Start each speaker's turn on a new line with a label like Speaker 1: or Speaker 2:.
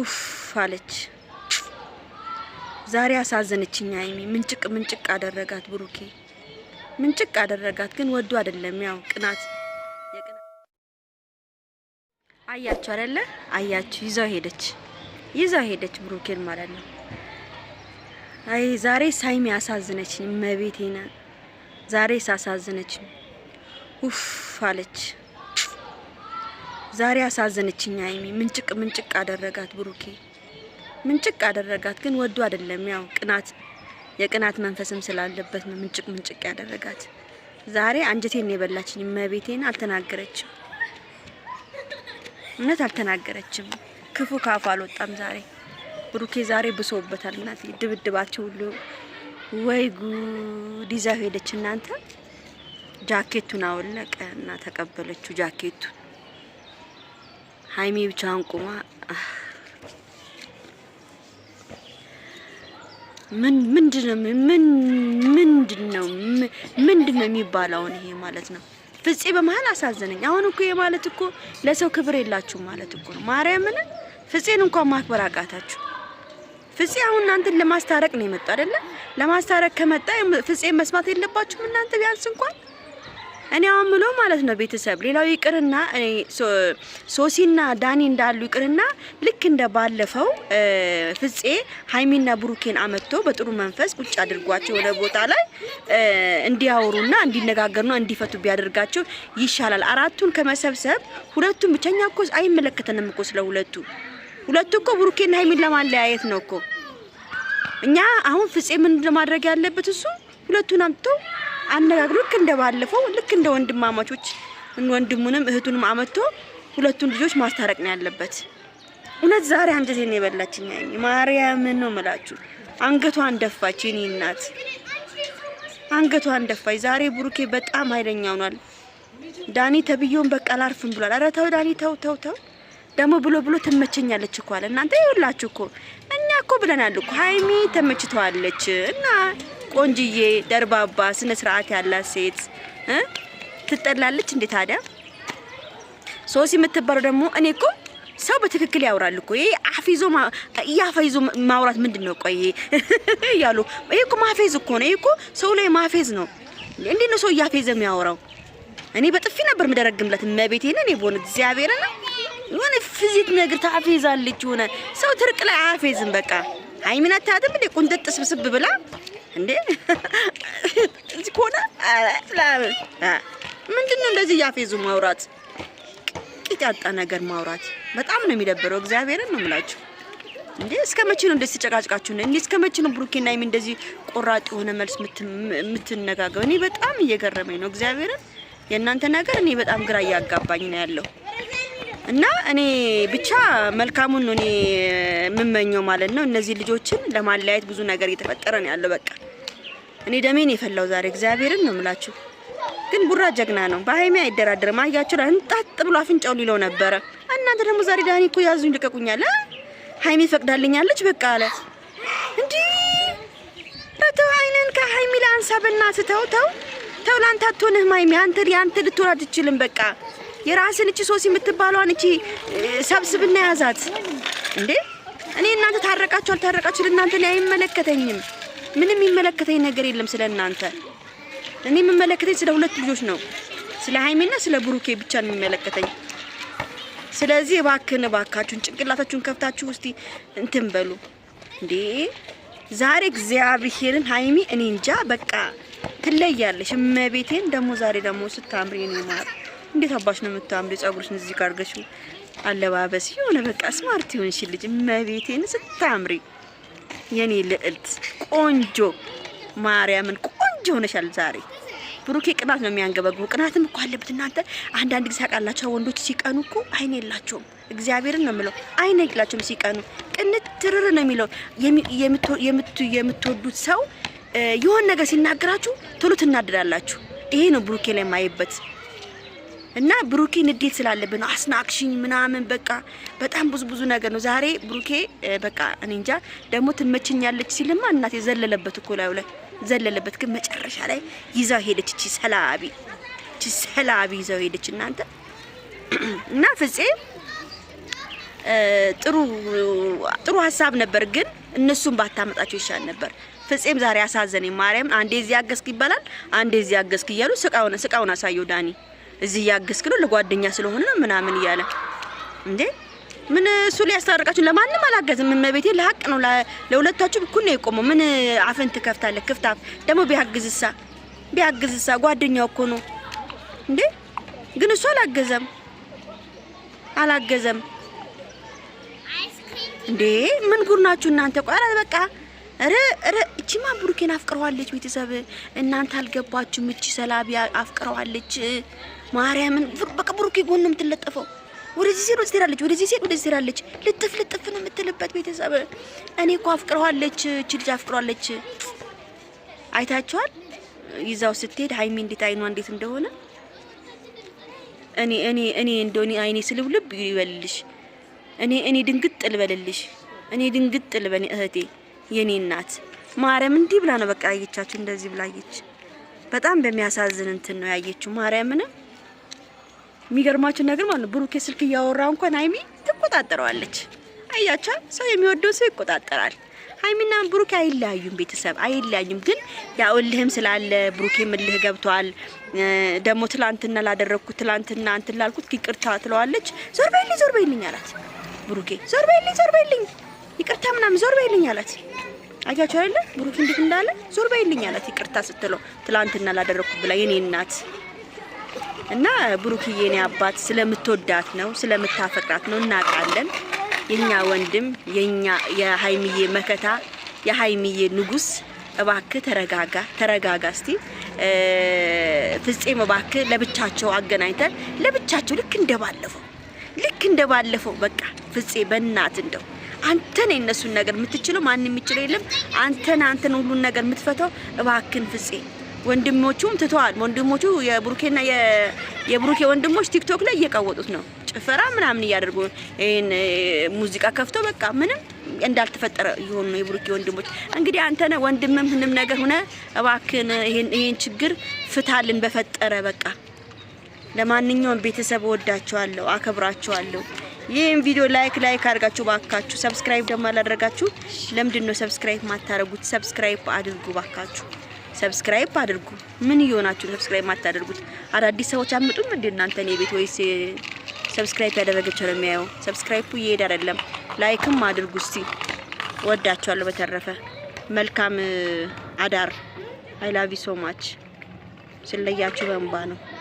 Speaker 1: ውፍ አለች። ዛሬ አሳዘነችኝ ሀይሚ። ምንጭቅ ምንጭቅ አደረጋት ብሩኬ፣ ምንጭቅ አደረጋት። ግን ወዱ አይደለም ያው ቅናት አያችሁ አይደለ? አያችሁ ይዛው ሄደች፣ ይዛው ሄደች ብሩኬን ማለት ነው። አይ ዛሬ ሳይሚ አሳዝነችኝ። መቤቴና ዛሬ ሳሳዝነችኝ። ኡፍ አለች። ዛሬ አሳዘነችኝ ሀይሚ። ምንጭቅ ምንጭቅ አደረጋት ብሩኬ፣ ምንጭቅ አደረጋት። ግን ወዱ አይደለም ያው ቅናት፣ የቅናት መንፈስም ስላለበት ነው ምንጭቅ ምንጭቅ ያደረጋት። ዛሬ አንጀቴን ነው የበላችኝ መቤቴን። አልተናገረችም፣ እውነት አልተናገረችም። ክፉ ካፉ አልወጣም ዛሬ ብሩኬ። ዛሬ ብሶበታል። እናት ድብድባቸው ሁሉ ወይ ጉድ! ይዛው ሄደች እናንተ። ጃኬቱን አወለቀ እና ተቀበለችው ጃኬቱን ሀይሚ ብቻዋን ቁማ ምን ምንድነው ምን የሚባለው? አሁን ይሄ ማለት ነው። ፍፄ በመሀል አሳዘነኝ። አሁን እኮ ይሄ ማለት እኮ ለሰው ክብር የላችሁም ማለት እኮ ነው። ማርያምን ፍፄን እንኳን ማክበር አቃታችሁ። ፍፄ አሁን እናንተን ለማስታረቅ ነው የመጣ አይደለ? ለማስታረቅ ከመጣ ፍፄን መስማት የለባችሁም እናንተ ቢያንስ እንኳን እኔ አሁን ብሎ ማለት ነው ቤተሰብ ሌላው ይቅርና ሶሲና ዳኒ እንዳሉ ይቅርና ልክ እንደ ባለፈው ፍፄ ሀይሚና ብሩኬን አመጥቶ በጥሩ መንፈስ ቁጭ አድርጓቸው የሆነ ቦታ ላይ እንዲያወሩና እንዲነጋገሩና እንዲፈቱ ቢያደርጋቸው ይሻላል። አራቱን ከመሰብሰብ ሁለቱን ብቻኛ እኮ አይመለከተንም እኮ ስለ ሁለቱ ሁለቱ እኮ ብሩኬና ሀይሚን ለማለያየት ነው እኮ እኛ አሁን ፍፄ ምን ለማድረግ ያለበት እሱ ሁለቱን አምጥቶ አነጋግሮ ልክ እንደ ባለፈው ልክ እንደ ወንድማማቾች ወንድሙንም እህቱንም አመጥቶ ሁለቱን ልጆች ማስታረቅ ነው ያለበት። እውነት ዛሬ አንጀቴን የበላችኝ ማርያምን ነው የምላችሁ። አንገቷን ደፋች የኔ እናት አንገቷን ደፋች። ዛሬ ብሩኬ በጣም ኃይለኛ ሆኗል። ዳኒ ተብዬውን በቃ አላርፍም ብሏል። ኧረ ተው ዳኒ ተው ተው ተው ደግሞ ብሎ ብሎ ትመቸኛለች እኮ አለ። እናንተ ይኸውላችሁ እኮ እኛ እኮ ብለናል እኮ ሀይሚ ተመችተዋለች እና ቆንጅዬ፣ ደርባባ፣ ስነ ስርዓት ያላት ሴት ትጠላለች እንዴ ታዲያ? ሶሲ የምትባለው ደግሞ እኔ እኮ ሰው በትክክል ያውራል እኮ ይሄ አፊዞ እያፈይዞ ማውራት ምንድን ነው? ቆይ እያሉ ይሄ እኮ ማፌዝ እኮ ነው። ይሄ እኮ ሰው ላይ ማፌዝ ነው። እንዴት ነው ሰው እያፌዘ የሚያወራው? እኔ በጥፊ ነበር የምደረግምለት። መቤቴን ነን በሆነ እግዚአብሔር ነ የሆነ ፍዚት ነገር ታፌዛለች። የሆነ ሰው ትርቅ ላይ አያፌዝም። በቃ ሀይሚናት ታድም እንዴ ቁንጥጥ ስብስብ ብላ እንዴ እዚህ ከሆነ ለምን ምንድን ነው እንደዚህ እያፌዙ ማውራት? ቂጥ ያጣ ነገር ማውራት በጣም ነው የሚደብረው። እግዚአብሔርን ነው የምላችሁ። እንዴ እስከ መቼ ነው እንደዚህ ተጨቃጭቃችሁ ነው? እኔ እስከ መቼ ነው ብሩኬና ይም እንደዚህ ቆራጥ የሆነ መልስ የምትነጋገሩ? እኔ በጣም እየገረመኝ ነው እግዚአብሔርን። የእናንተ ነገር እኔ በጣም ግራ እያጋባኝ ነው ያለው። እና እኔ ብቻ መልካሙን ነው እኔ የምመኘው ማለት ነው። እነዚህ ልጆችን ለማለያየት ብዙ ነገር እየተፈጠረ ነው ያለው። በቃ እኔ ደሜን የፈላው ዛሬ እግዚአብሔርን ነው የምላችሁ። ግን ቡራ ጀግና ነው፣ በሀይሚ አይደራደርም። አያችሁ እንጣጥ ብሎ አፍንጫው ሊለው ነበረ። እናንተ ደግሞ ዛሬ ዳኒ እኮ ያዙኝ ልቀቁኛለ፣ ሀይሚ ፈቅዳልኛለች በቃ አለ እንዲህ ረተው አይነን ከሀይሚ ለአንሳ በእናትህ ተው ተው ተው፣ ለአንተ አትሆንህም። ሀይሚ አንተ ልትሆን አትችልም በቃ የራስን እቺ ሶሲ የምትባለዋን እቺ ሰብስብና ያዛት እንዴ! እኔ እናንተ ታረቃችሁ አልታረቃችሁ ለእናንተ እኔ አይመለከተኝም። ምንም የሚመለከተኝ ነገር የለም ስለ እናንተ። እኔ የምመለከተኝ ስለ ሁለት ልጆች ነው፣ ስለ ሀይሜና ስለ ብሩኬ ብቻ ነው የሚመለከተኝ። ስለዚህ እባክን እባካችሁን ጭንቅላታችሁን ከፍታችሁ ውስጥ እንትን በሉ እንዴ! ዛሬ እግዚአብሔርን ሀይሚ እኔ እንጃ በቃ ትለያለሽ። እመቤቴን ደግሞ ዛሬ ደግሞ ስታምሪ ነው እንዴት አባሽ ነው የምታምሪ? ጸጉርሽን እዚህ ጋር አድርገሽው አለባበስ የሆነ በቃ ስማርት ይሆንሽ ልጅ መቤቴን ስታምሪ የኔ ልዕልት ቆንጆ ማርያምን ቆንጆ ሆነሻል ዛሬ። ብሩኬ ቅናት ነው የሚያንገበግበው ቅናትም እኮ አለበት እናንተ። አንዳንድ ጊዜ አውቃላቸው ወንዶች ሲቀኑ እኮ አይን የላቸውም። እግዚአብሔርን ነው የምለው አይን የላቸውም ሲቀኑ። ቅንት ትርር ነው የሚለው የምትወዱት ሰው የሆን ነገር ሲናገራችሁ ቶሎ ትናደዳላችሁ። ይሄ ነው ብሩኬ ላይ ማየበት እና ብሩኬ ንዴት ስላለብን ነው አስናክሽኝ ምናምን በቃ በጣም ብዙ ብዙ ነገር ነው። ዛሬ ብሩኬ በቃ እኔ እንጃ ደግሞ ትመችኛለች ሲልማ እናቴ ዘለለበት እኮ ላዩ ላይ ዘለለበት። ግን መጨረሻ ላይ ይዛው ሄደች። እቺ ሰላቢ እቺ ሰላቢ ይዛው ሄደች። እናንተ እና ፍፄ ጥሩ ጥሩ ሀሳብ ነበር፣ ግን እነሱን ባታመጣቸው ይሻል ነበር። ፍፄም ዛሬ አሳዘነኝ። ማርያም አንዴ እዚህ አገዝክ ይባላል፣ አንዴ እዚህ አገዝክ እያሉ ስቃውን ስቃውን አሳየው ዳኒ እዚህ እያገዝክ ነው ለጓደኛ ስለሆነ ነው ምናምን እያለ እንዴ ምን እሱ ሊያስታርቃችሁ ለማንም አላገዝም። እመቤቴ ለሀቅ ነው፣ ለሁለታችሁ እኩል ነው የቆመው። ምን አፍን ትከፍታለህ? ክፍት አፍ ደግሞ ቢያግዝሳ ቢያግዝሳ ጓደኛው እኮ ነው እንዴ። ግን እሱ አላገዘም አላገዘም። እንዴ ምን ጉር ናችሁ እናንተ? ቆራ በቃ ረ ረ እቺማ ብሩኬን አፍቅረዋለች። ቤተሰብ እናንተ አልገባችሁም። እቺ ሰላቢ አፍቅረዋለች። ማርያምን በቃ ብሩኬ ጎን ነው የምትለጠፈው። ወደዚህ ሴት ወደዚህ ትሄዳለች፣ ወደዚህ ሴት ወደዚህ ትሄዳለች። ልጥፍ ልጥፍ ነው የምትልበት። ቤተሰብ እኔ እኮ አፍቅረዋለች፣ እች ልጅ አፍቅረዋለች። አይታችኋል? ይዛው ስትሄድ ሀይሚ እንዴት አይኗ እንዴት እንደሆነ እኔ እኔ እኔ እንደኔ አይኔ ስልብልብ ይበልልሽ። እኔ እኔ ድንግጥ ልበልልሽ። እኔ ድንግጥ ልበል እህቴ፣ የኔ እናት ማርያም እንዲህ ብላ ነው በቃ ያየቻችሁ። እንደዚህ ብላ አየች። በጣም በሚያሳዝን እንትን ነው ያየችው ማርያምንም የሚገርማችን ነገር ማለት ነው ብሩኬ ስልክ እያወራ እንኳን ሀይሚ ትቆጣጠረዋለች። አያቻ ሰው የሚወደው ሰው ይቆጣጠራል። ሀይሚና ብሩኬ አይለያዩም፣ ቤተሰብ አይለያዩም። ግን ያው እልህም ስላለ ብሩኬ እልህ ገብቷል። ደግሞ ትላንትና ላደረግኩት ትላንትና እንትን ላልኩት ይቅርታ ትለዋለች። ዞር በይልኝ ዞር በይልኝ አላት ብሩኬ። ዞር በይልኝ ዞር በይልኝ ይቅርታ ምናምን ዞር በይልኝ አላት። አያቸው አይደለ ብሩኬ እንዴት እንዳለ ዞር በይልኝ አላት ይቅርታ ስትለው ትላንትና ላደረግኩት ብላ የኔ እናት እና ብሩክዬ የኔ አባት ስለምትወዳት ነው ስለምታፈቅራት ነው እናውቃለን። የኛ ወንድም የኛ የሀይሚዬ መከታ የሀይሚዬ ንጉስ፣ እባክ ተረጋጋ፣ ተረጋጋ እስቲ ፍፄም እባክ ለብቻቸው አገናኝተን ለብቻቸው ልክ እንደባለፈው ልክ እንደባለፈው በቃ ፍጼ በእናት እንደው አንተን የነሱን ነገር የምትችለው ማንም የሚችለው የለም። አንተን አንተን ሁሉን ነገር የምትፈተው እባክን ፍጼ ወንድሞቹም ትተዋል። ወንድሞቹ የብሩኬና የብሩኬ ወንድሞች ቲክቶክ ላይ እየቀወጡት ነው። ጭፈራ ምናምን እያደርጉ ይሄን ሙዚቃ ከፍቶ በቃ ምንም እንዳልተፈጠረ የሆኑ ነው የብሩኬ ወንድሞች። እንግዲህ አንተ ነህ ወንድምም ምንም ነገር ሆነ እባክን ይሄን ችግር ፍታልን በፈጠረ በቃ። ለማንኛውም ቤተሰብ ወዳችኋለሁ፣ አከብራቸዋለሁ። ይህን ቪዲዮ ላይክ ላይክ አድርጋችሁ ባካችሁ፣ ሰብስክራይብ ደግሞ አላደረጋችሁ። ለምንድን ነው ሰብስክራይብ ማታረጉት? ሰብስክራይብ አድርጉ ባካችሁ። ሰብስክራይብ አድርጉ። ምን እየሆናችሁ ሰብስክራይብ ማታደርጉት? አዳዲስ ሰዎች አመጡም እንዴ እናንተ? ነው ቤት ወይስ ሰብስክራይብ ያደረገችው ነው የሚያየው? ሰብስክራይቡ እየሄድ አይደለም። ላይክም አድርጉ እስቲ። ወዳችኋለሁ። በተረፈ መልካም አዳር። አይ ላቭ ዩ ሶ ማች። ስለያችሁ በእንባ ነው።